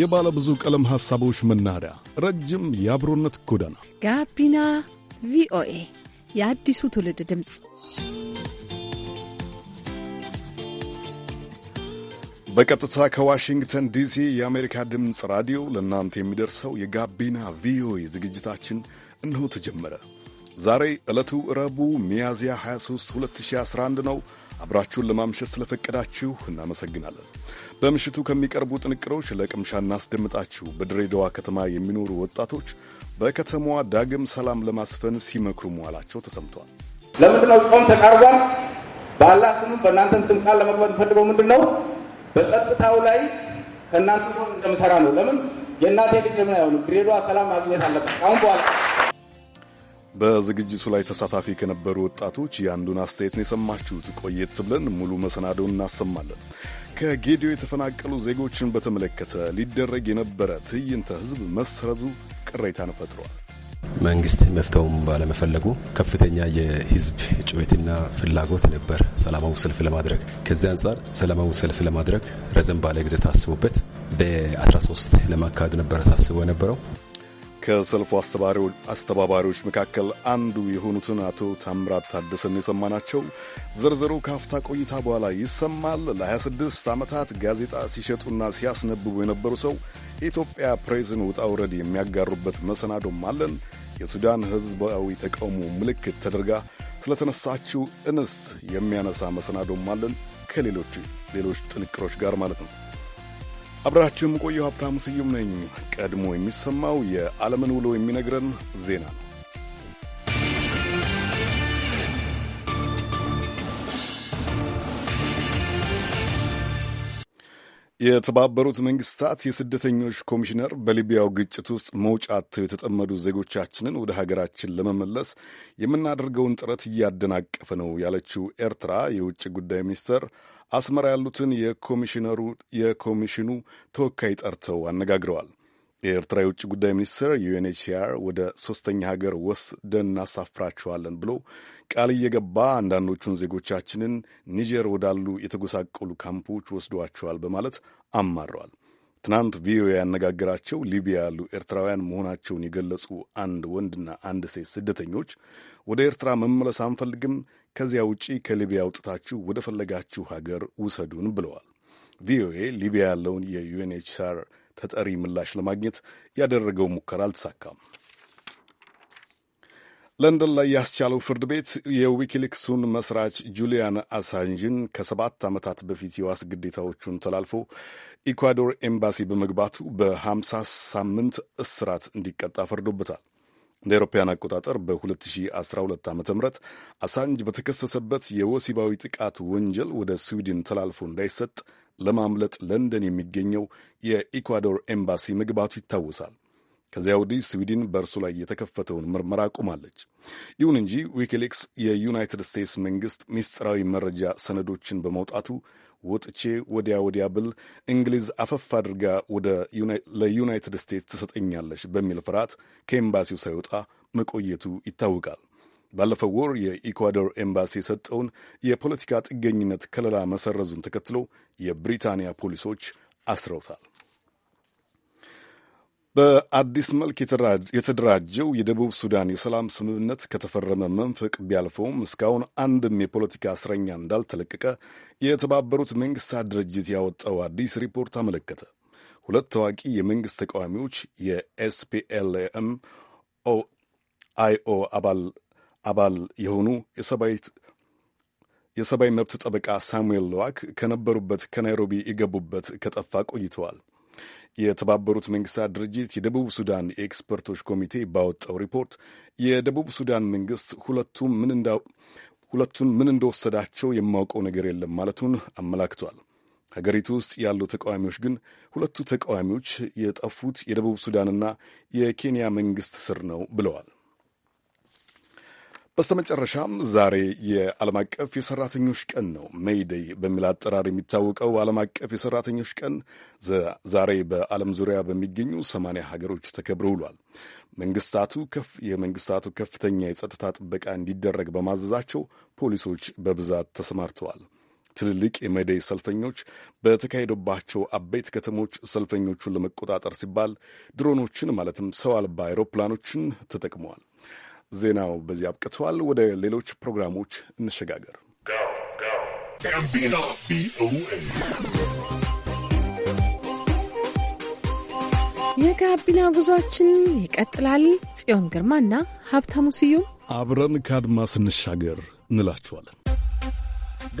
የባለ ብዙ ቀለም ሐሳቦች መናኸሪያ፣ ረጅም የአብሮነት ጎዳና ጋቢና ቪኦኤ የአዲሱ ትውልድ ድምፅ። በቀጥታ ከዋሽንግተን ዲሲ የአሜሪካ ድምፅ ራዲዮ ለእናንተ የሚደርሰው የጋቢና ቪኦኤ ዝግጅታችን እነሆ ተጀመረ። ዛሬ ዕለቱ ረቡዕ ሚያዝያ 23 2011 ነው። አብራችሁን ለማምሸት ስለፈቀዳችሁ እናመሰግናለን። በምሽቱ ከሚቀርቡ ጥንቅሮች ለቅምሻ እናስደምጣችሁ። በድሬዳዋ ከተማ የሚኖሩ ወጣቶች በከተማዋ ዳግም ሰላም ለማስፈን ሲመክሩ መዋላቸው ተሰምቷል። ነው ጾም ተቃርቧል? በአላህ ስምም በእናንተም ስም ቃል ለመግባት የምፈልገው ምንድን ነው? በጸጥታው ላይ ከእናንተ እንደምሰራ ነው። ለምን የእናቴ ልጅ ለምን አይሆኑ ድሬዳዋ ሰላም ማግኘት አለበት። አሁን በኋላ በዝግጅቱ ላይ ተሳታፊ ከነበሩ ወጣቶች የአንዱን አስተያየት ነው የሰማችሁት። ቆየት ብለን ሙሉ መሰናዶውን እናሰማለን። ከጌዲዮ የተፈናቀሉ ዜጎችን በተመለከተ ሊደረግ የነበረ ትዕይንተ ህዝብ መሰረዙ ቅሬታን ፈጥሯል። መንግስት መፍተውም ባለመፈለጉ ከፍተኛ የህዝብ ጩኸትና ፍላጎት ነበር ሰላማዊ ሰልፍ ለማድረግ። ከዚህ አንጻር ሰላማዊ ሰልፍ ለማድረግ ረዘም ባለ ጊዜ ታስቦበት በ13 ለማካሄድ ነበረ ታስቦ የነበረው። ከሰልፉ አስተባባሪዎች መካከል አንዱ የሆኑትን አቶ ታምራት ታደሰን የሰማናቸው። ዝርዝሩ ከአፍታ ቆይታ በኋላ ይሰማል። ለ26 ዓመታት ጋዜጣ ሲሸጡና ሲያስነብቡ የነበሩ ሰው የኢትዮጵያ ፕሬስን ውጣ ውረድ የሚያጋሩበት መሰናዶም አለን። የሱዳን ሕዝባዊ ተቃውሞ ምልክት ተደርጋ ስለተነሳችው እንስት የሚያነሳ መሰናዶም አለን። ከሌሎች ሌሎች ጥንቅሮች ጋር ማለት ነው። አብራችሁም የምቆየው ሀብታሙ ስዩም ነኝ። ቀድሞ የሚሰማው የዓለምን ውሎ የሚነግረን ዜና ነው። የተባበሩት መንግስታት የስደተኞች ኮሚሽነር በሊቢያው ግጭት ውስጥ መውጫ አጥተው የተጠመዱ ዜጎቻችንን ወደ ሀገራችን ለመመለስ የምናደርገውን ጥረት እያደናቀፈ ነው ያለችው ኤርትራ የውጭ ጉዳይ ሚኒስትር አስመራ ያሉትን የኮሚሽነሩ የኮሚሽኑ ተወካይ ጠርተው አነጋግረዋል። የኤርትራ የውጭ ጉዳይ ሚኒስትር ዩኤንኤችሲአር ወደ ሶስተኛ ሀገር ወስደን እናሳፍራችኋለን ብሎ ቃል እየገባ አንዳንዶቹን ዜጎቻችንን ኒጀር ወዳሉ የተጎሳቀሉ ካምፖች ወስዷቸዋል በማለት አማረዋል። ትናንት ቪኦኤ ያነጋገራቸው ሊቢያ ያሉ ኤርትራውያን መሆናቸውን የገለጹ አንድ ወንድና አንድ ሴት ስደተኞች ወደ ኤርትራ መመለስ አንፈልግም፣ ከዚያ ውጪ ከሊቢያ አውጥታችሁ ወደ ፈለጋችሁ ሀገር ውሰዱን ብለዋል። ቪኦኤ ሊቢያ ያለውን የዩኤንኤችሲአር ተጠሪ ምላሽ ለማግኘት ያደረገው ሙከራ አልተሳካም። ለንደን ላይ ያስቻለው ፍርድ ቤት የዊኪሊክሱን መስራች ጁሊያን አሳንጅን ከሰባት ዓመታት በፊት የዋስ ግዴታዎቹን ተላልፎ ኢኳዶር ኤምባሲ በመግባቱ በሃምሳ ሳምንት እስራት እንዲቀጣ ፈርዶበታል። እንደ አውሮፓውያን አቆጣጠር በ2012 ዓ ም አሳንጅ በተከሰሰበት የወሲባዊ ጥቃት ወንጀል ወደ ስዊድን ተላልፎ እንዳይሰጥ ለማምለጥ ለንደን የሚገኘው የኢኳዶር ኤምባሲ መግባቱ ይታወሳል። ከዚያ ወዲህ ስዊድን በእርሱ ላይ የተከፈተውን ምርመራ ቆማለች። ይሁን እንጂ ዊኪሊክስ የዩናይትድ ስቴትስ መንግሥት ሚስጥራዊ መረጃ ሰነዶችን በመውጣቱ ወጥቼ ወዲያ ወዲያ ብል እንግሊዝ አፈፍ አድርጋ ወደ ለዩናይትድ ስቴትስ ትሰጠኛለች በሚል ፍርሃት ከኤምባሲው ሳይወጣ መቆየቱ ይታወቃል። ባለፈው ወር የኢኳዶር ኤምባሲ የሰጠውን የፖለቲካ ጥገኝነት ከለላ መሰረዙን ተከትሎ የብሪታንያ ፖሊሶች አስረውታል። በአዲስ መልክ የተደራጀው የደቡብ ሱዳን የሰላም ስምምነት ከተፈረመ መንፈቅ ቢያልፈውም እስካሁን አንድም የፖለቲካ እስረኛ እንዳልተለቀቀ የተባበሩት መንግስታት ድርጅት ያወጣው አዲስ ሪፖርት አመለከተ። ሁለት ታዋቂ የመንግሥት ተቃዋሚዎች የኤስፒኤልኤም አይኦ አባል አባል የሆኑ የሰብአዊ መብት ጠበቃ ሳሙኤል ለዋክ ከነበሩበት ከናይሮቢ የገቡበት ከጠፋ ቆይተዋል። የተባበሩት መንግስታት ድርጅት የደቡብ ሱዳን የኤክስፐርቶች ኮሚቴ ባወጣው ሪፖርት የደቡብ ሱዳን መንግስት ሁለቱም ምን ሁለቱን ምን እንደወሰዳቸው የማውቀው ነገር የለም ማለቱን አመላክቷል። ሀገሪቱ ውስጥ ያሉ ተቃዋሚዎች ግን ሁለቱ ተቃዋሚዎች የጠፉት የደቡብ ሱዳንና የኬንያ መንግስት ስር ነው ብለዋል። በስተመጨረሻም ዛሬ የዓለም አቀፍ የሰራተኞች ቀን ነው። ሜይደይ በሚል አጠራር የሚታወቀው ዓለም አቀፍ የሰራተኞች ቀን ዛሬ በዓለም ዙሪያ በሚገኙ ሰማንያ ሀገሮች ተከብሮ ውሏል። መንግስታቱ የመንግስታቱ ከፍተኛ የጸጥታ ጥበቃ እንዲደረግ በማዘዛቸው ፖሊሶች በብዛት ተሰማርተዋል። ትልልቅ የመደይ ሰልፈኞች በተካሄደባቸው አበይት ከተሞች ሰልፈኞቹን ለመቆጣጠር ሲባል ድሮኖችን ማለትም ሰው አልባ አውሮፕላኖችን ተጠቅመዋል። ዜናው በዚህ አብቅተዋል። ወደ ሌሎች ፕሮግራሞች እንሸጋገር። የጋቢና ጉዟችን ይቀጥላል። ጽዮን ግርማና ሀብታሙ ስዩም አብረን ከአድማ ስንሻገር እንላችኋለን።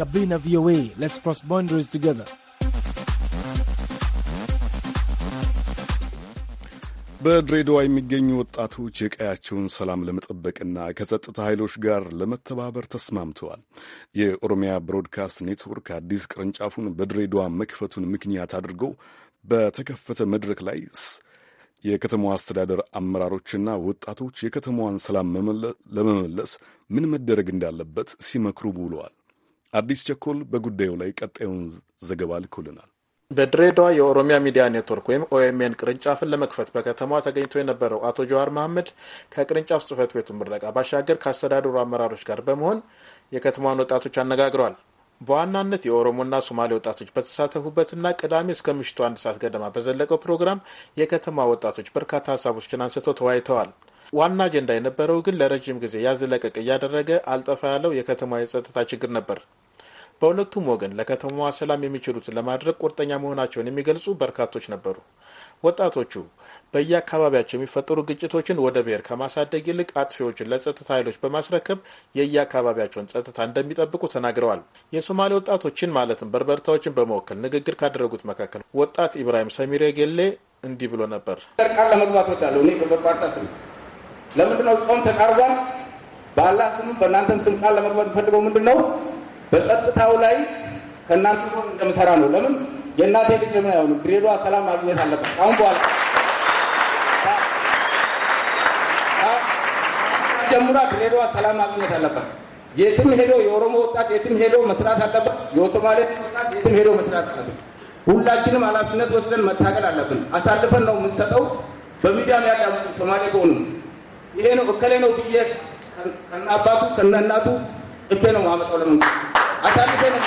ጋቢና ቪኦኤ ሌትስ ክሮስ ባውንደሪስ ቱጌዘር በድሬዳዋ የሚገኙ ወጣቶች የቀያቸውን ሰላም ለመጠበቅና ከጸጥታ ኃይሎች ጋር ለመተባበር ተስማምተዋል። የኦሮሚያ ብሮድካስት ኔትወርክ አዲስ ቅርንጫፉን በድሬዳዋ መክፈቱን ምክንያት አድርጎ በተከፈተ መድረክ ላይ የከተማዋ አስተዳደር አመራሮችና ወጣቶች የከተማዋን ሰላም ለመመለስ ምን መደረግ እንዳለበት ሲመክሩ ውለዋል። አዲስ ቸኮል በጉዳዩ ላይ ቀጣዩን ዘገባ ልኮልናል። በድሬዳዋ የኦሮሚያ ሚዲያ ኔትወርክ ወይም ኦኤምኤን ቅርንጫፍን ለመክፈት በከተማዋ ተገኝቶ የነበረው አቶ ጀዋር መሐመድ ከቅርንጫፍ ጽህፈት ቤቱ ምረቃ ባሻገር ከአስተዳደሩ አመራሮች ጋር በመሆን የከተማዋን ወጣቶች አነጋግረዋል። በዋናነት የኦሮሞና ሶማሌ ወጣቶች በተሳተፉበትና ቅዳሜ እስከ ምሽቱ አንድ ሰዓት ገደማ በዘለቀው ፕሮግራም የከተማ ወጣቶች በርካታ ሀሳቦችን አንስተው ተወያይተዋል። ዋና አጀንዳ የነበረው ግን ለረዥም ጊዜ ያዝ ለቀቅ እያደረገ አልጠፋ ያለው የከተማ የጸጥታ ችግር ነበር። በሁለቱም ወገን ለከተማዋ ሰላም የሚችሉትን ለማድረግ ቁርጠኛ መሆናቸውን የሚገልጹ በርካቶች ነበሩ። ወጣቶቹ በየአካባቢያቸው የሚፈጠሩ ግጭቶችን ወደ ብሔር ከማሳደግ ይልቅ አጥፊዎችን ለጸጥታ ኃይሎች በማስረከብ የየአካባቢያቸውን ጸጥታ እንደሚጠብቁ ተናግረዋል። የሶማሌ ወጣቶችን ማለትም በርበርታዎችን በመወከል ንግግር ካደረጉት መካከል ወጣት ኢብራሂም ሰሚሬ ጌሌ እንዲህ ብሎ ነበር። ቃል ለመግባት ወዳለሁ። እኔ በበርባርታ ስም ለምንድነው ጾም ተቃርቧል። በአላህ ስም በእናንተም ስም ቃል ለመግባት ፈልገው ምንድን ነው በጸጥታው ላይ ከእናንተ ጎን እንደምሰራ ነው። ለምን የእናቴ ልጅ ምን አይሆኑ ድሬዳዋ ሰላም ማግኘት አለበት። አሁን በኋላ ጀምራ ድሬዳዋ ሰላም ማግኘት አለበት። የትም ሄዶ የኦሮሞ ወጣት የትም ሄዶ መስራት አለበት። የሶማሌ ወጣት የትም ሄዶ መስራት አለበት። ሁላችንም ኃላፊነት ወስደን መታገል አለብን። አሳልፈን ነው የምንሰጠው። በሚዲያ የሚያዳምጡ ሶማሌ ከሆኑ ይሄ ነው እከሌ ነው ብዬ ከነአባቱ ከነእናቱ እቴ ነው ማመጣው ለምን አሳልፌ ነው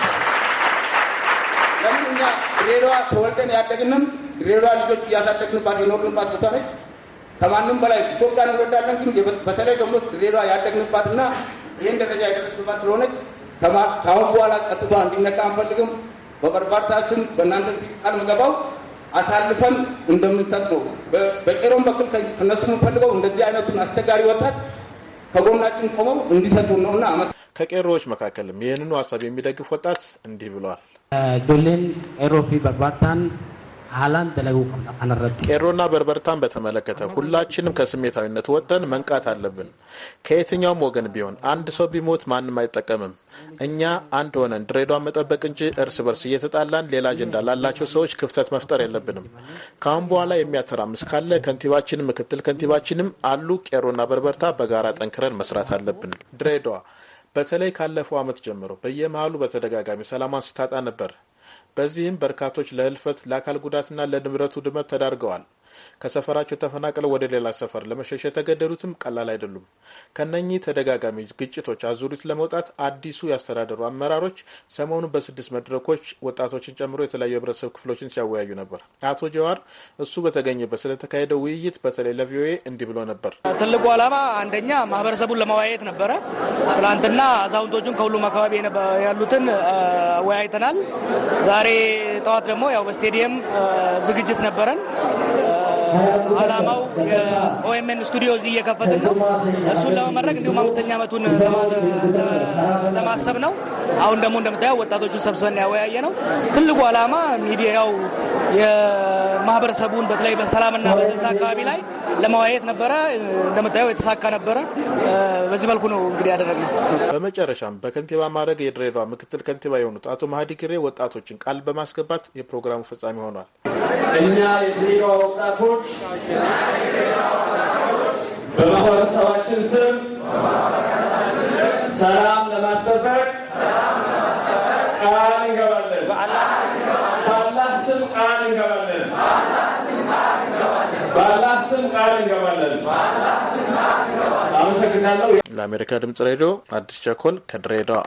ለምን እኛ ድሬዳዋ ተወልደን ያደግንም ድሬዳዋ ልጆች እያሳደግንባት የኖርንባት ቦታ ነች። ከማንም በላይ ኢትዮጵያ እንወዳለን፣ ግን በተለይ ደግሞ ድሬዳዋ ያደግንባትና ይህን ደረጃ የደረስንባት ስለሆነች ከአሁን በኋላ ጸጥታ እንዲነካ አንፈልግም። በበርባርታ ስም በእናንተ ቃል ምገባው አሳልፈን እንደምንሰጥ ነው። በቄሮም በኩል ከነሱ የምንፈልገው እንደዚህ አይነቱን አስቸጋሪ ወጣት ከጎናችን ቆመው እንዲሰጡ ነው እና ከቄሮዎች መካከልም ይህንኑ ሀሳብ የሚደግፍ ወጣት እንዲህ ብለዋል። ጆሌን ኤሮፊ በርባርታን ሀላን ደለጉ ቄሮና በርበርታን በተመለከተ ሁላችንም ከስሜታዊነት ወጥተን መንቃት አለብን። ከየትኛውም ወገን ቢሆን አንድ ሰው ቢሞት ማንም አይጠቀምም። እኛ አንድ ሆነን ድሬዳዋን መጠበቅ እንጂ እርስ በርስ እየተጣላን ሌላ አጀንዳ ላላቸው ሰዎች ክፍተት መፍጠር የለብንም። ከአሁን በኋላ የሚያተራምስ ካለ ከንቲባችንም ምክትል ከንቲባችንም አሉ። ቄሮና በርበርታ በጋራ ጠንክረን መስራት አለብን። ድሬዳዋ በተለይ ካለፈው ዓመት ጀምሮ በየመሀሉ በተደጋጋሚ ሰላሟን ስታጣ ነበር። በዚህም በርካቶች ለህልፈት፣ ለአካል ጉዳትና ለንብረት ውድመት ተዳርገዋል። ከሰፈራቸው ተፈናቅለው ወደ ሌላ ሰፈር ለመሸሽ የተገደዱትም ቀላል አይደሉም። ከነኚህ ተደጋጋሚ ግጭቶች አዙሪት ለመውጣት አዲሱ ያስተዳደሩ አመራሮች ሰሞኑን በስድስት መድረኮች ወጣቶችን ጨምሮ የተለያዩ የህብረተሰብ ክፍሎችን ሲያወያዩ ነበር። አቶ ጀዋር እሱ በተገኘበት ስለተካሄደው ውይይት በተለይ ለቪኦኤ እንዲህ ብሎ ነበር። ትልቁ ዓላማ አንደኛ ማህበረሰቡን ለማወያየት ነበረ። ትላንትና አዛውንቶቹን ከሁሉም አካባቢ ያሉትን አወያይተናል። ዛሬ ጠዋት ደግሞ ያው በስቴዲየም ዝግጅት ነበረን። አላማው የኦኤምኤን ስቱዲዮ እዚህ እየከፈትን ነው። እሱን ለመመረቅ እንዲሁም አምስተኛ ዓመቱን ለማሰብ ነው። አሁን ደግሞ እንደምታየው ወጣቶቹን ሰብስበን ያወያየ ነው። ትልቁ አላማ ሚዲያው የማህበረሰቡን በተለይ በሰላምና በዘታ አካባቢ ላይ ለመወያየት ነበረ። እንደምታየው የተሳካ ነበረ። በዚህ መልኩ ነው እንግዲህ ያደረግነው። በመጨረሻም በከንቲባ ማድረግ የድሬዳዋ ምክትል ከንቲባ የሆኑት አቶ ማህዲ ግሬ ወጣቶችን ቃል በማስገባት የፕሮግራሙ ፍጻሜ ሆኗል። እኛ የድሬዳዋ ወጣቶች በማህበረሰባችን ስም ሰላም ለማስጠበቅ ቃል እንገባለን። በአላህ ስም ቃል እንገባለን። በአላህ ስም ቃል እንገባለን። አመሰግናለሁ። ለአሜሪካ ድምጽ ሬዲዮ አዲስ ቸኮል ከድሬዳዋ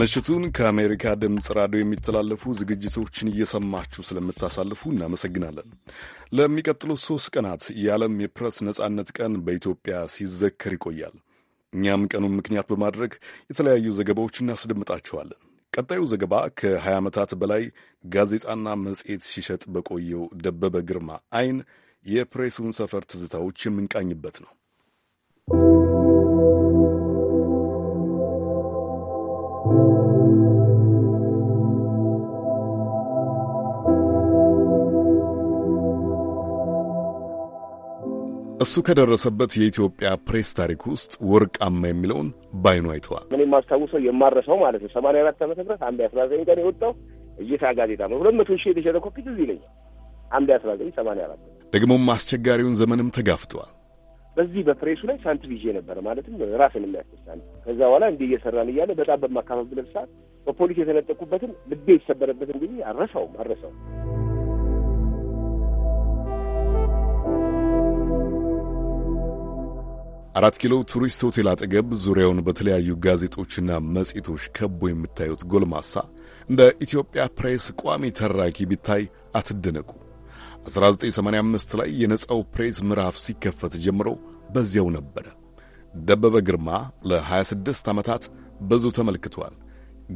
ምሽቱን ከአሜሪካ ድምፅ ራዲዮ የሚተላለፉ ዝግጅቶችን እየሰማችሁ ስለምታሳልፉ እናመሰግናለን። ለሚቀጥሉት ሶስት ቀናት የዓለም የፕረስ ነጻነት ቀን በኢትዮጵያ ሲዘከር ይቆያል። እኛም ቀኑን ምክንያት በማድረግ የተለያዩ ዘገባዎች እናስደምጣችኋለን። ቀጣዩ ዘገባ ከ20 ዓመታት በላይ ጋዜጣና መጽሔት ሲሸጥ በቆየው ደበበ ግርማ አይን የፕሬሱን ሰፈር ትዝታዎች የምንቃኝበት ነው። እሱ ከደረሰበት የኢትዮጵያ ፕሬስ ታሪክ ውስጥ ወርቃማ የሚለውን ባይኑ አይተዋል። ምን የማስታውሰው የማረሰው ማለት ነው ሰማንያ አራት ዓመተ ምህረት አንድ አስራ ዘጠኝ ቀን የወጣው እይታ ጋዜጣ ነው። ሁለት መቶ ሺህ የተሸጠ ኮፒ ትዝ ይለኛል። አንድ አስራ ዘጠኝ ሰማንያ አራት ደግሞም አስቸጋሪውን ዘመንም ተጋፍተዋል። በዚህ በፕሬሱ ላይ ሳንቲም ይዤ ነበር። ማለትም ራስን የሚያስነሳ ከዛ በኋላ እንዲህ እየሰራን እያለ በጣም በማካፈብለት ሰዓት በፖሊስ የተነጠቁበትን ልቤ የተሰበረበትን ጊዜ አረሰውም አረሰውም አራት ኪሎ ቱሪስት ሆቴል አጠገብ ዙሪያውን በተለያዩ ጋዜጦችና መጽሔቶች ከቦ የምታዩት ጎልማሳ እንደ ኢትዮጵያ ፕሬስ ቋሚ ተራኪ ቢታይ አትደነቁ። 1985 ላይ የነጻው ፕሬስ ምዕራፍ ሲከፈት ጀምሮ በዚያው ነበረ። ደበበ ግርማ ለ26 ዓመታት ብዙ ተመልክቷል።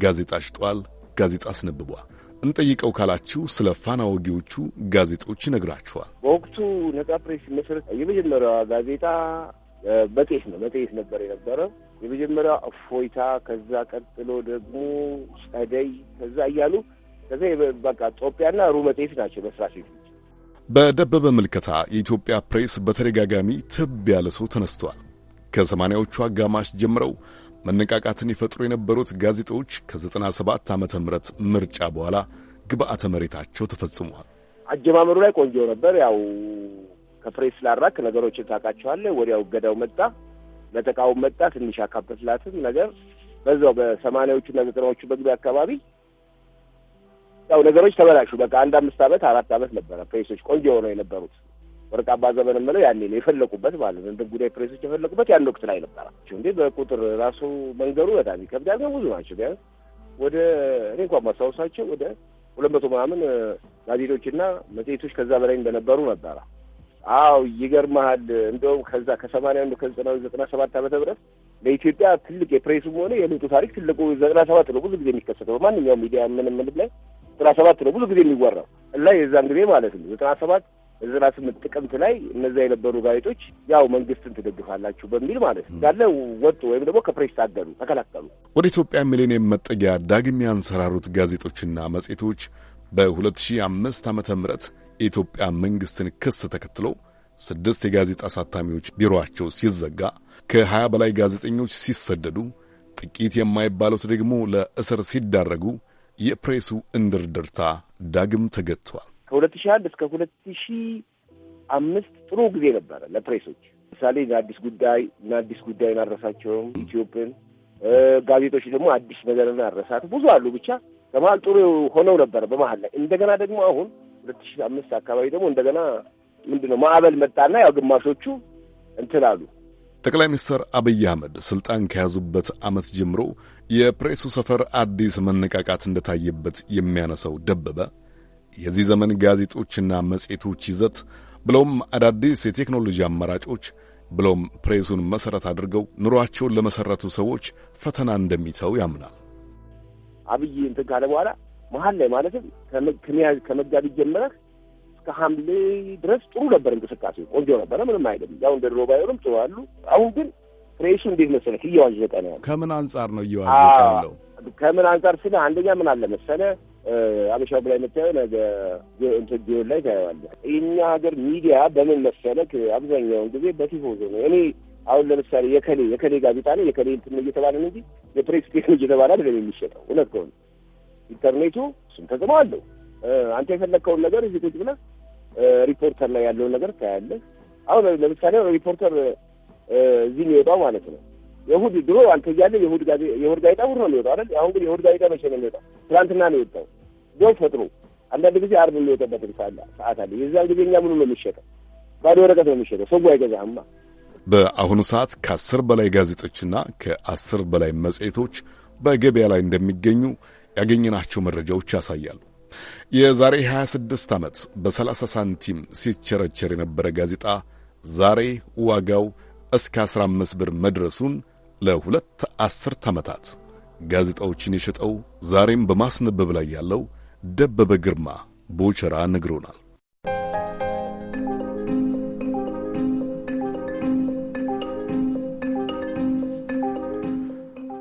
ጋዜጣ ሽጧል፣ ጋዜጣ አስነብቧል። እንጠይቀው ካላችሁ ስለ ፋና ወጊዎቹ ጋዜጦች ይነግራችኋል። በወቅቱ ነጻ ፕሬስ ሲመሰረት የመጀመሪያዋ ጋዜጣ በጤት ነው በጤት ነበር የነበረ የመጀመሪያ እፎይታ፣ ከዛ ቀጥሎ ደግሞ ጸደይ፣ ከዛ እያሉ ከዛ በቃ ጦጵያና ሩመ ጤፍ ናቸው መስራች በደበበ ምልከታ የኢትዮጵያ ፕሬስ በተደጋጋሚ ትብ ያለ ሰው ተነስተዋል። ከሰማንያዎቹ አጋማሽ ጀምረው መነቃቃትን ይፈጥሩ የነበሩት ጋዜጦች ከ97 ዓ ም ምርጫ በኋላ ግብአተ መሬታቸው ተፈጽሟል። አጀማመሩ ላይ ቆንጆ ነበር። ያው ከፕሬስ ስላራክ ነገሮችን ታውቃቸዋለህ። ወዲያው እገዳው መጣ፣ በተቃውም መጣ። ትንሽ አካበትላትም ነገር በዛው በሰማንያዎቹና ዘጠናዎቹ መግቢያ አካባቢ ያው ነገሮች ተበላሹ። በቃ አንድ አምስት ዓመት አራት ዓመት ነበረ ፕሬሶች ቆንጆ ሆነው የነበሩት ወርቃማ ዘመን የምለው ያኔ ነው የፈለቁበት ማለት ነው። እንደ ጉዳይ ፕሬሶች የፈለቁበት ያን ወቅት ላይ ነበረ። እንዴ በቁጥር ራሱ መንገሩ በጣም ይከብዳል። ብዙ ናቸው። ቢያንስ ወደ እኔ እንኳን ማስታወሳቸው ወደ ሁለት መቶ ምናምን ጋዜጦችና መጽሔቶች ከዛ በላይ እንደነበሩ ነበረ። አው ይገርመሃል። እንደውም ከዛ ከሰማንያ አንዱ ከዘጠና ዘጠና ሰባት ዓመተ ምህረት ለኢትዮጵያ ትልቅ የፕሬሱም ሆነ የለውጡ ታሪክ ትልቁ ዘጠና ሰባት ነው ብዙ ጊዜ የሚከሰተው በማንኛውም ሚዲያ ምንም ምንም ላይ ዘጠና ሰባት ነው ብዙ ጊዜ የሚወራው እና የዛን ጊዜ ማለት ነው ዘጠና ሰባት ዘጠና ስምንት ጥቅምት ላይ እነዛ የነበሩ ጋዜጦች ያው መንግስትን ትደግፋላችሁ በሚል ማለት ነው እንዳለ ወጡ ወይም ደግሞ ከፕሬስ ታገዱ፣ ተከላከሉ። ወደ ኢትዮጵያ ሚሊኒየም መጠጊያ ዳግም ያንሰራሩት ጋዜጦችና መጽሔቶች በ2005 ዓመተ ምህረት የኢትዮጵያ መንግሥትን ክስ ተከትሎ ስድስት የጋዜጣ አሳታሚዎች ቢሮአቸው ሲዘጋ ከ20 በላይ ጋዜጠኞች ሲሰደዱ ጥቂት የማይባሉት ደግሞ ለእስር ሲዳረጉ የፕሬሱ እንድርድርታ ዳግም ተገጥቷል። ከሁለት ሺህ አንድ እስከ ሁለት ሺህ አምስት ጥሩ ጊዜ ነበረ ለፕሬሶች። ምሳሌ ለአዲስ ጉዳይ እና አዲስ አረሳቸውም ኢትዮጵን ጋዜጦች ደግሞ አዲስ ነገርን አረሳት ብዙ አሉ። ብቻ በመሀል ጥሩ ሆነው ነበረ በመሀል ላይ እንደገና ደግሞ አሁን ሁለት አምስት አካባቢ ደግሞ እንደገና ምንድን ነው ማዕበል መጣና ያው ግማሾቹ እንትን አሉ። ጠቅላይ ሚኒስትር አብይ አህመድ ስልጣን ከያዙበት ዓመት ጀምሮ የፕሬሱ ሰፈር አዲስ መነቃቃት እንደታየበት የሚያነሳው ደበበ የዚህ ዘመን ጋዜጦችና መጽሔቶች ይዘት ብለውም አዳዲስ የቴክኖሎጂ አማራጮች ብለውም ፕሬሱን መሠረት አድርገው ኑሯቸውን ለመሠረቱ ሰዎች ፈተና እንደሚተው ያምናል። አብይ እንትን ካለ በኋላ መሀል ላይ ማለትም ከሚያዝ ከመጋቢት ጀምረህ እስከ ሐምሌ ድረስ ጥሩ ነበር፣ እንቅስቃሴ ቆንጆ ነበረ። ምንም አይደለም። ያው እንደ ድሮ ባይሆንም ጥሩ አሉ። አሁን ግን ፕሬሱ እንዴት መሰለህ እየዋዠቀ ነው ያለ። ከምን አንጻር ነው እየዋዠቀ ያለው? ከምን አንጻር ስለ አንደኛ ምን አለ መሰለ አበሻ ላይ መታየ ነገ እንትን ጊዮን ላይ ታየዋለ። የኛ ሀገር ሚዲያ በምን መሰለህ አብዛኛውን ጊዜ በቲፎዞ ነው። እኔ አሁን ለምሳሌ የከሌ የከሌ ጋዜጣ ነው የከሌ እንትን እየተባለ ነው እንጂ የፕሬስ ቴክን እየተባለ አይደለም የሚሸጠው እውነት ከሆነ ኢንተርኔቱ እሱም ተጽዕኖ አለው። አንተ የፈለግከውን ነገር እዚህ ቁጭ ብለህ ሪፖርተር ላይ ያለውን ነገር ታያለህ። አሁን ለምሳሌ ሪፖርተር እዚህ የሚወጣው ማለት ነው የሁድ ድሮ አንተ እያለህ የሁድ ጋዜጣ እሑድ ነው የሚወጣው አይደል? አሁን ግን የሁድ ጋዜጣ መቼ ነው የሚወጣው? ትናንትና ነው የወጣው። ዶች ፈጥሮ አንዳንድ ጊዜ አርብ የሚወጣበት ሰዓት አለ። የዛን ጊዜ እኛ ምኑ ነው የሚሸጠው? ባዶ ወረቀት ነው የሚሸጠው። ሰው አይገዛህማ። በአሁኑ ሰዓት ከአስር በላይ ጋዜጦችና ከአስር በላይ መጽሔቶች በገበያ ላይ እንደሚገኙ ያገኘናቸው መረጃዎች ያሳያሉ። የዛሬ 26 ዓመት በ30 ሳንቲም ሲቸረቸር የነበረ ጋዜጣ ዛሬ ዋጋው እስከ 15 ብር መድረሱን ለሁለት አስርት ዓመታት ጋዜጣዎችን የሸጠው ዛሬም በማስነበብ ላይ ያለው ደበበ ግርማ ቦቸራ ነግሮናል።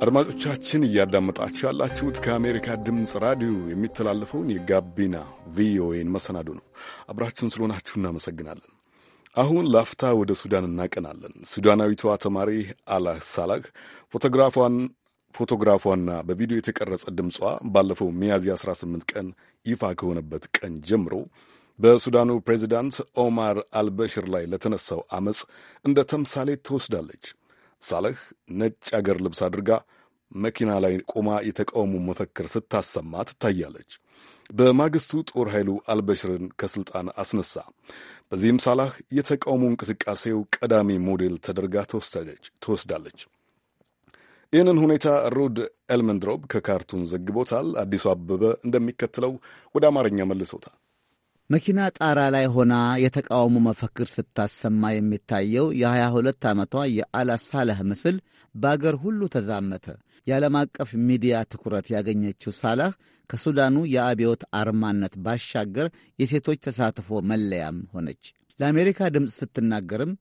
አድማጮቻችን እያዳመጣችሁ ያላችሁት ከአሜሪካ ድምፅ ራዲዮ የሚተላለፈውን የጋቢና ቪኦኤን መሰናዶ ነው። አብራችሁን ስለሆናችሁ እናመሰግናለን። አሁን ላፍታ ወደ ሱዳን እናቀናለን። ሱዳናዊቷ ተማሪ አላህ ሳላህ ፎቶግራፏን ፎቶግራፏና በቪዲዮ የተቀረጸ ድምጿ ባለፈው ሚያዝያ 18 ቀን ይፋ ከሆነበት ቀን ጀምሮ በሱዳኑ ፕሬዚዳንት ኦማር አልበሽር ላይ ለተነሳው አመፅ እንደ ተምሳሌ ትወስዳለች። ሳለህ ነጭ አገር ልብስ አድርጋ መኪና ላይ ቆማ የተቃውሞ መፈክር ስታሰማ ትታያለች። በማግስቱ ጦር ኃይሉ አልበሽርን ከስልጣን አስነሳ። በዚህም ሳላህ የተቃውሞ እንቅስቃሴው ቀዳሚ ሞዴል ተደርጋ ትወስዳለች። ይህንን ሁኔታ ሩድ ኤልመንድሮብ ከካርቱም ዘግቦታል። አዲሱ አበበ እንደሚከተለው ወደ አማርኛ መልሶታል። መኪና ጣራ ላይ ሆና የተቃውሞ መፈክር ስታሰማ የሚታየው የ22 ዓመቷ የአላሳለህ ምስል በአገር ሁሉ ተዛመተ። የዓለም አቀፍ ሚዲያ ትኩረት ያገኘችው ሳላህ ከሱዳኑ የአብዮት አርማነት ባሻገር የሴቶች ተሳትፎ መለያም ሆነች። ለአሜሪካ ድምፅ ስትናገርም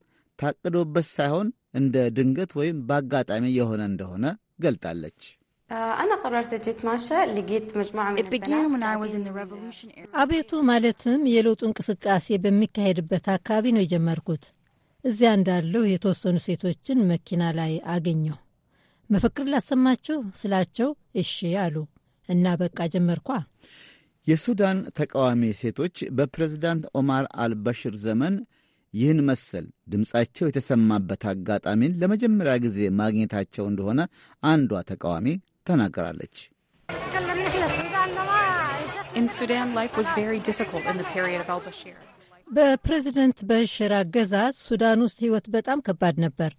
ታቅዶበት ሳይሆን እንደ ድንገት ወይም በአጋጣሚ የሆነ እንደሆነ ገልጣለች። አቤቱ ማለትም የለውጡ እንቅስቃሴ በሚካሄድበት አካባቢ ነው የጀመርኩት። እዚያ እንዳለሁ የተወሰኑ ሴቶችን መኪና ላይ አገኘሁ። መፈክር ላሰማችሁ ስላቸው እሺ አሉ እና በቃ ጀመርኳ። የሱዳን ተቃዋሚ ሴቶች በፕሬዝዳንት ኦማር አልበሽር ዘመን ይህን መሰል ድምፃቸው የተሰማበት አጋጣሚን ለመጀመሪያ ጊዜ ማግኘታቸው እንደሆነ አንዷ ተቃዋሚ ተናግራለች። በፕሬዚደንት በሽር አገዛዝ ሱዳን ውስጥ ሕይወት በጣም ከባድ ነበር።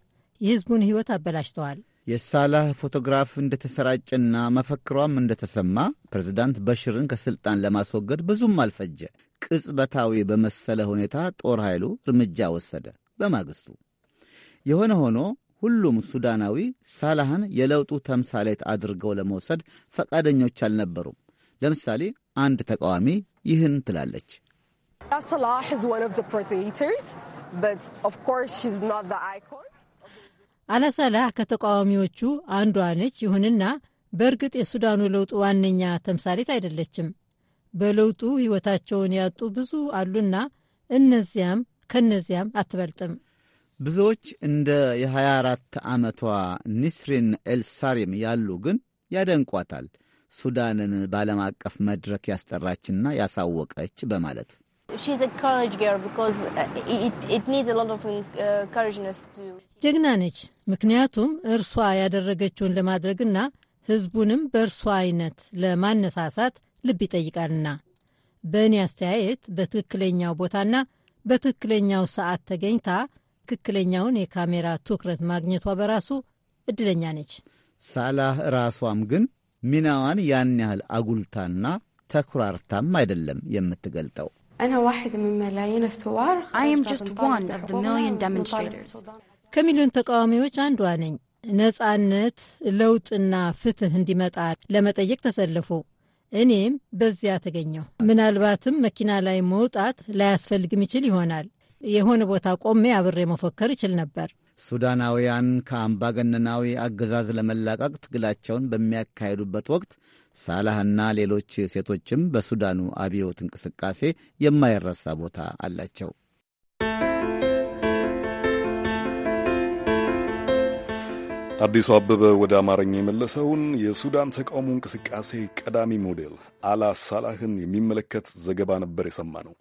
የሕዝቡን ሕይወት አበላሽተዋል። የሳላህ ፎቶግራፍ እንደተሰራጨና መፈክሯም እንደተሰማ ፕሬዚዳንት በሽርን ከሥልጣን ለማስወገድ ብዙም አልፈጀ። ቅጽበታዊ በመሰለ ሁኔታ ጦር ኃይሉ እርምጃ ወሰደ በማግስቱ። የሆነ ሆኖ ሁሉም ሱዳናዊ ሳላህን የለውጡ ተምሳሌት አድርገው ለመውሰድ ፈቃደኞች አልነበሩም። ለምሳሌ አንድ ተቃዋሚ ይህን ትላለች። አላሳላህ ከተቃዋሚዎቹ አንዷ ነች። ይሁንና በእርግጥ የሱዳኑ ለውጥ ዋነኛ ተምሳሌት አይደለችም። በለውጡ ሕይወታቸውን ያጡ ብዙ አሉና እነዚያም ከነዚያም አትበልጥም። ብዙዎች እንደ የ24 ዓመቷ ኒስሪን ኤልሳሪም ያሉ ግን ያደንቋታል። ሱዳንን በዓለም አቀፍ መድረክ ያስጠራችና ያሳወቀች በማለት uh, ጀግና ነች። ምክንያቱም እርሷ ያደረገችውን ለማድረግና ሕዝቡንም በእርሷ አይነት ለማነሳሳት ልብ ይጠይቃልና በእኔ አስተያየት በትክክለኛው ቦታና በትክክለኛው ሰዓት ተገኝታ ትክክለኛውን የካሜራ ትኩረት ማግኘቷ በራሱ እድለኛ ነች። ሳላህ ራሷም ግን ሚናዋን ያን ያህል አጉልታና ተኩራርታም አይደለም የምትገልጠው። ከሚሊዮን ተቃዋሚዎች አንዷ ነኝ። ነጻነት፣ ለውጥና ፍትህ እንዲመጣ ለመጠየቅ ተሰለፉ። እኔም በዚያ ተገኘሁ። ምናልባትም መኪና ላይ መውጣት ላያስፈልግም ይችል ይሆናል የሆነ ቦታ ቆሜ አብሬ መፎከር ይችል ነበር። ሱዳናውያን ከአምባገነናዊ አገዛዝ ለመላቀቅ ትግላቸውን በሚያካሂዱበት ወቅት ሳላህና ሌሎች ሴቶችም በሱዳኑ አብዮት እንቅስቃሴ የማይረሳ ቦታ አላቸው። አዲሱ አበበ ወደ አማርኛ የመለሰውን የሱዳን ተቃውሞ እንቅስቃሴ ቀዳሚ ሞዴል አላ ሳላህን የሚመለከት ዘገባ ነበር የሰማ ነው።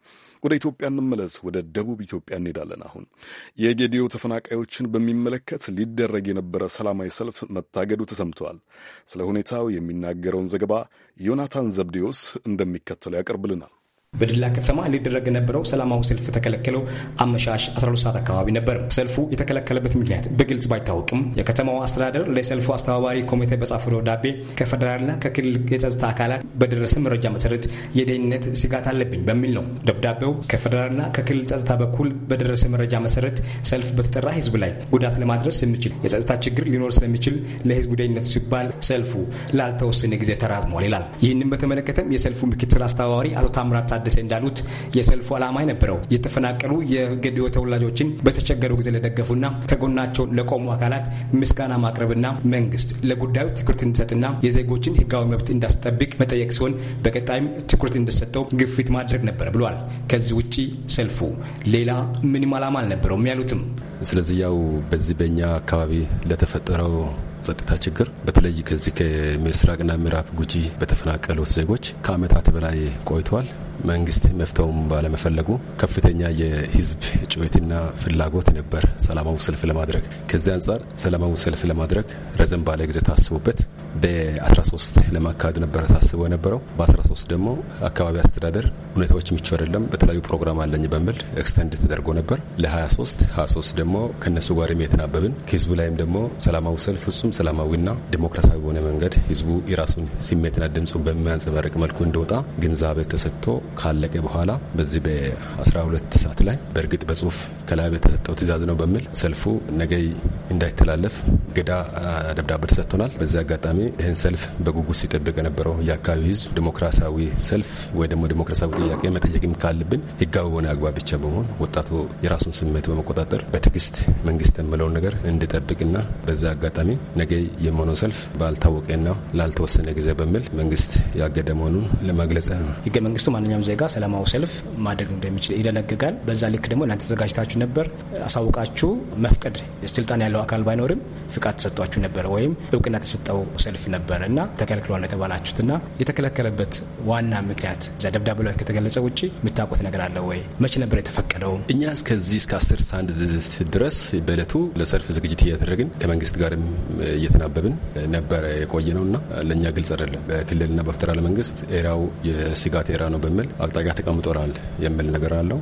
ወደ ኢትዮጵያ እንመለስ። ወደ ደቡብ ኢትዮጵያ እንሄዳለን። አሁን የጌዲዮ ተፈናቃዮችን በሚመለከት ሊደረግ የነበረ ሰላማዊ ሰልፍ መታገዱ ተሰምተዋል። ስለ ሁኔታው የሚናገረውን ዘገባ ዮናታን ዘብዴዎስ እንደሚከተለው ያቀርብልናል። በድላ ከተማ ሊደረግ የነበረው ሰላማዊ ሰልፍ የተከለከለው አመሻሽ 12 ሰዓት አካባቢ ነበር። ሰልፉ የተከለከለበት ምክንያት በግልጽ ባይታወቅም የከተማው አስተዳደር ለሰልፉ አስተባባሪ ኮሚቴ በጻፈው ደብዳቤ ከፌደራልና ከክልል የጸጥታ አካላት በደረሰ መረጃ መሰረት የደህንነት ስጋት አለብኝ በሚል ነው። ደብዳቤው ከፌዴራልና ከክልል ጸጥታ በኩል በደረሰ መረጃ መሰረት ሰልፍ በተጠራ ህዝብ ላይ ጉዳት ለማድረስ የሚችል የጸጥታ ችግር ሊኖር ስለሚችል ለህዝቡ ደህንነት ሲባል ሰልፉ ላልተወሰነ ጊዜ ተራዝሟል ይላል። ይህንም በተመለከተም የሰልፉ ምክትል አስተባባሪ አቶ ታምራት ታደሰ እንዳሉት የሰልፉ ዓላማ የነበረው የተፈናቀሉ የገዲዮ ተወላጆችን በተቸገሩ ጊዜ ለደገፉና ከጎናቸው ለቆሙ አካላት ምስጋና ማቅረብና መንግስት ለጉዳዩ ትኩረት እንዲሰጥና የዜጎችን ህጋዊ መብት እንዳስጠብቅ መጠየቅ ሲሆን በቀጣይም ትኩረት እንዲሰጠው ግፊት ማድረግ ነበር ብሏል። ከዚህ ውጭ ሰልፉ ሌላ ምንም ዓላማ አልነበረውም ያሉትም ስለዚህ ያው በዚህ በእኛ አካባቢ ለተፈጠረው ጸጥታ ችግር በተለይ ከዚህ ከምስራቅና ምዕራብ ጉጂ በተፈናቀሉት ዜጎች ከአመታት በላይ ቆይተዋል። መንግስት መፍተውም ባለመፈለጉ ከፍተኛ የህዝብ ጩኸትና ፍላጎት ነበር ሰላማዊ ሰልፍ ለማድረግ። ከዚህ አንጻር ሰላማዊ ሰልፍ ለማድረግ ረዘም ባለ ጊዜ ታስቡበት በ13 ለማካሄድ ነበረ ታስቦ የነበረው። በ13 ደግሞ አካባቢ አስተዳደር ሁኔታዎች ምቹ አይደለም፣ በተለያዩ ፕሮግራም አለኝ በሚል ኤክስተንድ ተደርጎ ነበር ለ23 23 ደግሞ ከነሱ ጋርም የተናበብን ከህዝቡ ላይም ደግሞ ሰላማዊ ሰልፍ ፍጹም ሰላማዊና ዲሞክራሲያዊ በሆነ መንገድ ህዝቡ የራሱን ስሜትና ድምፁን በሚያንጸባርቅ መልኩ እንደወጣ ግንዛቤ ተሰጥቶ ካለቀ በኋላ በዚህ በ12 ሰዓት ላይ በእርግጥ በጽሁፍ ከላይ በተሰጠው ትእዛዝ ነው በሚል ሰልፉ ነገ እንዳይተላለፍ ገዳ ደብዳቤ ተሰጥቶናል። በዚህ አጋጣሚ ይህን ሰልፍ በጉጉት ሲጠብቅ የነበረው የአካባቢው ህዝብ ዲሞክራሲያዊ ሰልፍ ወይ ደግሞ ዲሞክራሲያዊ ጥያቄ መጠየቅም ካለብን ህጋዊ በሆነ አግባብ ብቻ በመሆን ወጣቱ የራሱን ስሜት በመቆጣጠር በትዕግስት መንግስት የምለውን ነገር እንዲጠብቅና በዛ አጋጣሚ ነገ የሚሆነው ሰልፍ ባልታወቀና ላልተወሰነ ጊዜ በሚል መንግስት ያገደ መሆኑን ለመግለጽ ነው። ህገ መንግስቱ ማንኛውም ዜጋ ሰላማዊ ሰልፍ ማድረግ እንደሚችል ይደነግጋል። በዛ ልክ ደግሞ እናንተ ተዘጋጅታችሁ ነበር አሳውቃችሁ መፍቀድ ስልጣን ያለው አካል ባይኖርም ፍቃድ ተሰጧችሁ ነበር ወይም እውቅና ተሰጠው ሰልፍ ነበረ እና ተከልክሏል የተባላችሁት እና የተከለከለበት ዋና ምክንያት እዛ ደብዳቤ ላይ ከተገለጸ ውጭ የምታውቁት ነገር አለ ወይ? መቼ ነበር የተፈቀደው? እኛ እስከዚህ እስከ አስር ሳንድ ድረስ በእለቱ ለሰልፍ ዝግጅት እያደረግን ከመንግስት ጋርም እየተናበብን ነበረ የቆየ ነው እና ለእኛ ግልጽ አይደለም። በክልልና በፌደራል መንግስት ኤራው የስጋት ኤራ ነው በሚል አቅጣጫ ተቀምጦራል የሚል ነገር አለው።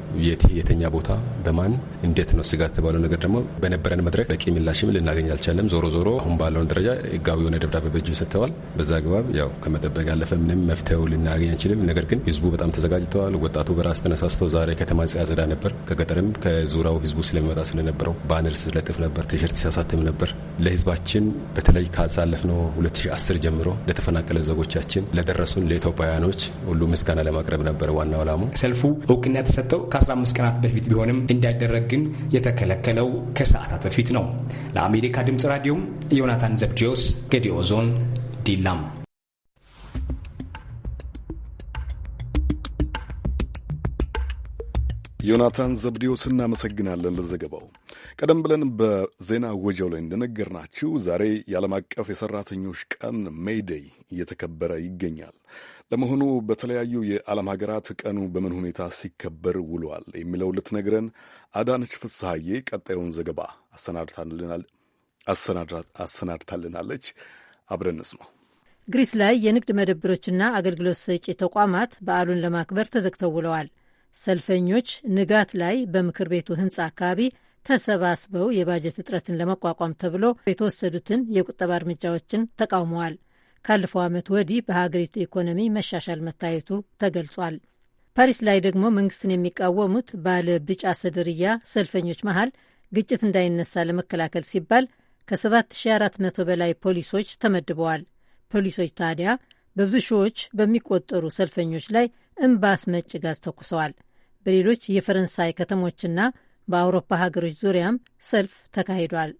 የተኛ ቦታ በማን እንዴት ነው ስጋት የተባለው ነገር ደግሞ በነበረን መድረክ በቂ ምላሽም ልናገኝ አልቻለም። ዞሮ ዞሮ አሁን ባለውን ደረጃ ህጋዊ የሆነ ደብዳቤ እጁ ሰጥተዋል። በዛ አግባብ ያው ከመጠበቅ ያለፈ ምንም መፍትሄው ልናገኝ አንችልም። ነገር ግን ህዝቡ በጣም ተዘጋጅተዋል። ወጣቱ በራስ ተነሳስተው ዛሬ ከተማ ሲያጸዳ ነበር። ከገጠርም ከዙሪያው ህዝቡ ስለሚመጣ ስለነበረው ባነር ስለጥፍ ነበር፣ ቲሸርት ሲያሳትም ነበር። ለህዝባችን በተለይ ካሳለፍነው 2010 ጀምሮ ለተፈናቀለ ዜጎቻችን ለደረሱን ለኢትዮጵያውያኖች ሁሉ ምስጋና ለማቅረብ ነበር ዋናው ዓላማው። ሰልፉ እውቅና የተሰጠው ከ15 ቀናት በፊት ቢሆንም እንዳይደረግ ግን የተከለከለው ከሰዓታት በፊት ነው። ለአሜሪካ ድምፅ ራዲዮም ዮናታን ዘብድዮስ ገዲኦ ዞን ዲላም ዮናታን ዘብዴዎስ እናመሰግናለን ለዘገባው። ቀደም ብለን በዜና ወጀው ላይ እንደነገርናችሁ ዛሬ የዓለም አቀፍ የሠራተኞች ቀን ሜይደይ እየተከበረ ይገኛል። ለመሆኑ በተለያዩ የዓለም ሀገራት ቀኑ በምን ሁኔታ ሲከበር ውሏል የሚለው ልትነግረን አዳነች ፍስሐዬ ቀጣዩን ዘገባ አሰናድታልናለች። አብረን እንስማው። ግሪስ ላይ የንግድ መደብሮችና አገልግሎት ሰጪ ተቋማት በዓሉን ለማክበር ተዘግተው ውለዋል። ሰልፈኞች ንጋት ላይ በምክር ቤቱ ህንፃ አካባቢ ተሰባስበው የባጀት እጥረትን ለመቋቋም ተብሎ የተወሰዱትን የቁጠባ እርምጃዎችን ተቃውመዋል። ካለፈው ዓመት ወዲህ በሀገሪቱ ኢኮኖሚ መሻሻል መታየቱ ተገልጿል። ፓሪስ ላይ ደግሞ መንግስትን የሚቃወሙት ባለ ቢጫ ሰደርያ ሰልፈኞች መሃል ግጭት እንዳይነሳ ለመከላከል ሲባል ከ7400 በላይ ፖሊሶች ተመድበዋል። ፖሊሶች ታዲያ በብዙ ሺዎች በሚቆጠሩ ሰልፈኞች ላይ እምባ መጭ ጋዝ ተኩሰዋል። በሌሎች የፈረንሳይ ከተሞችና በአውሮፓ ሀገሮች ዙሪያም ሰልፍ ተካሂዷል።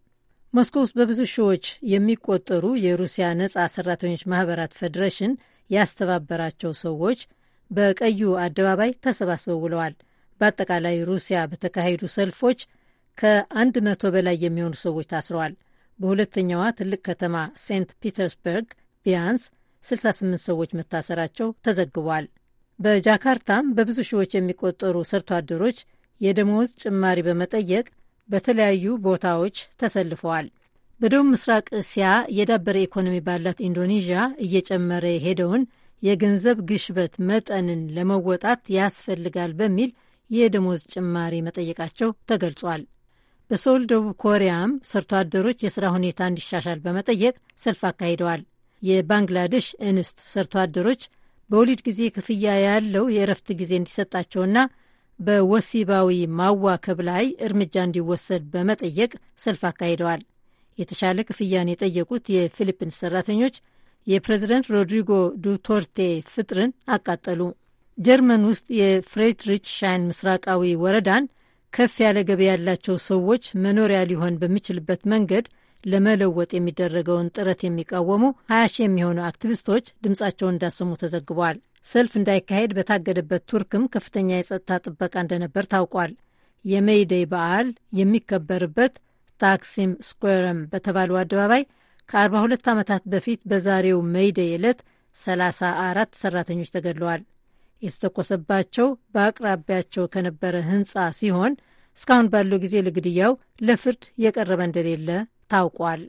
ሞስኮ ውስጥ በብዙ ሺዎች የሚቆጠሩ የሩሲያ ነጻ ሰራተኞች ማህበራት ፌዴሬሽን ያስተባበራቸው ሰዎች በቀዩ አደባባይ ተሰባስበው ውለዋል። በአጠቃላይ ሩሲያ በተካሄዱ ሰልፎች ከአንድ መቶ በላይ የሚሆኑ ሰዎች ታስረዋል። በሁለተኛዋ ትልቅ ከተማ ሴንት ፒተርስበርግ ቢያንስ 68 ሰዎች መታሰራቸው ተዘግቧል። በጃካርታም በብዙ ሺዎች የሚቆጠሩ ሰርቶ አደሮች የደመወዝ ጭማሪ በመጠየቅ በተለያዩ ቦታዎች ተሰልፈዋል። በደቡብ ምስራቅ እስያ የዳበረ ኢኮኖሚ ባላት ኢንዶኔዥያ እየጨመረ የሄደውን የገንዘብ ግሽበት መጠንን ለመወጣት ያስፈልጋል በሚል የደሞዝ ጭማሪ መጠየቃቸው ተገልጿል። በሶል ደቡብ ኮሪያም ሰርቶ አደሮች የሥራ ሁኔታ እንዲሻሻል በመጠየቅ ሰልፍ አካሂደዋል። የባንግላዴሽ እንስት ሰርቶ አደሮች በወሊድ ጊዜ ክፍያ ያለው የእረፍት ጊዜ እንዲሰጣቸውና በወሲባዊ ማዋከብ ላይ እርምጃ እንዲወሰድ በመጠየቅ ሰልፍ አካሂደዋል። የተሻለ ክፍያን የጠየቁት የፊሊፒንስ ሰራተኞች የፕሬዝደንት ሮድሪጎ ዱቶርቴ ፍጥርን አቃጠሉ። ጀርመን ውስጥ የፍሬድሪች ሻይን ምስራቃዊ ወረዳን ከፍ ያለ ገቢ ያላቸው ሰዎች መኖሪያ ሊሆን በሚችልበት መንገድ ለመለወጥ የሚደረገውን ጥረት የሚቃወሙ ሀያ ሺህ የሚሆኑ አክቲቪስቶች ድምፃቸውን እንዳሰሙ ተዘግቧል። ሰልፍ እንዳይካሄድ በታገደበት ቱርክም ከፍተኛ የጸጥታ ጥበቃ እንደነበር ታውቋል። የመይደይ በዓል የሚከበርበት ታክሲም ስኩዌርም በተባለው አደባባይ ከ42 ዓመታት በፊት በዛሬው መይደይ ዕለት 34 ሰራተኞች ተገድለዋል። የተተኮሰባቸው በአቅራቢያቸው ከነበረ ህንፃ ሲሆን እስካሁን ባለው ጊዜ ለግድያው ለፍርድ የቀረበ እንደሌለ ታውቋል።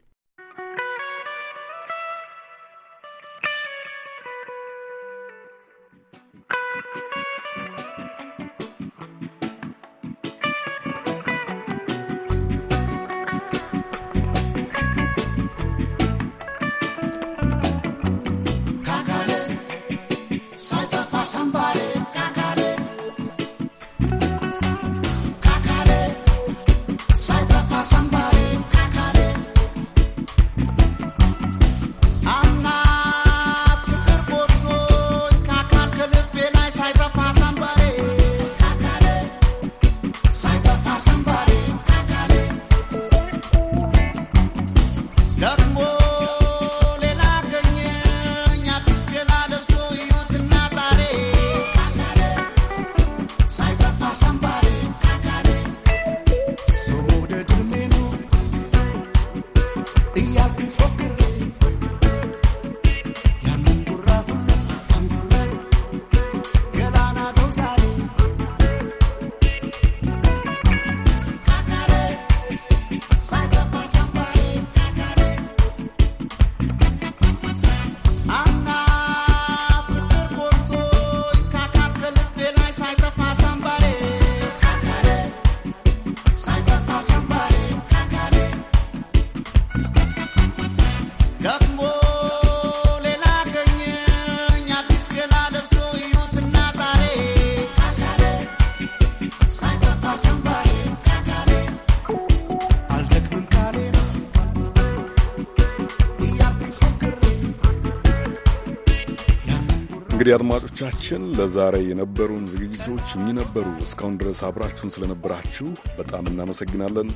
እንግዲህ አድማጮቻችን ለዛሬ የነበሩን ዝግጅቶች የሚነበሩ እስካሁን ድረስ አብራችሁን ስለነበራችሁ በጣም እናመሰግናለን።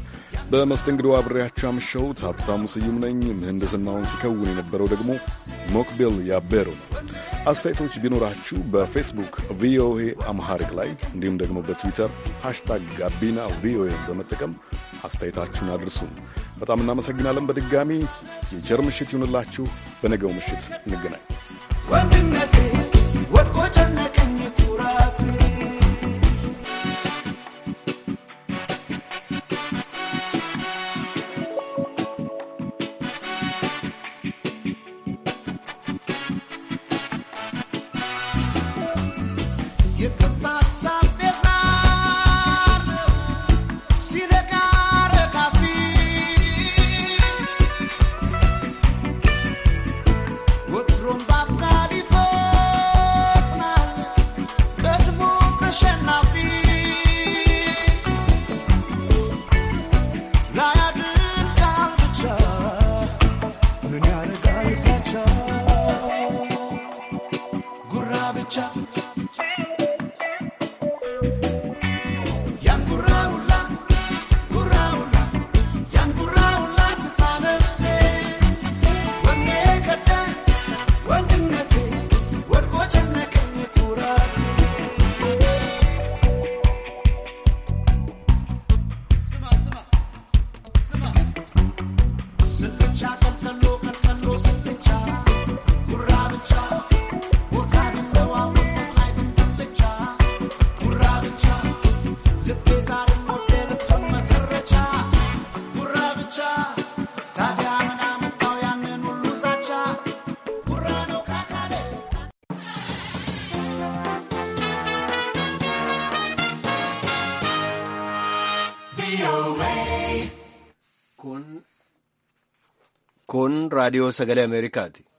በመስተንግዶ አብሬያችሁ አምሸውት ሀብታሙ ስዩም ነኝ። ምህንድስናውን ሲከውን የነበረው ደግሞ ሞክቤል ያቤሩ ነው። አስተያየቶች ቢኖራችሁ በፌስቡክ ቪኦኤ አምሃሪክ ላይ እንዲሁም ደግሞ በትዊተር ሃሽታግ ጋቢና ቪኦኤን በመጠቀም አስተያየታችሁን አድርሱ። በጣም እናመሰግናለን። በድጋሚ የቸር ምሽት ይሁንላችሁ። በነገው ምሽት እንገናኝ። ¡Gracias! radio sagale sagalee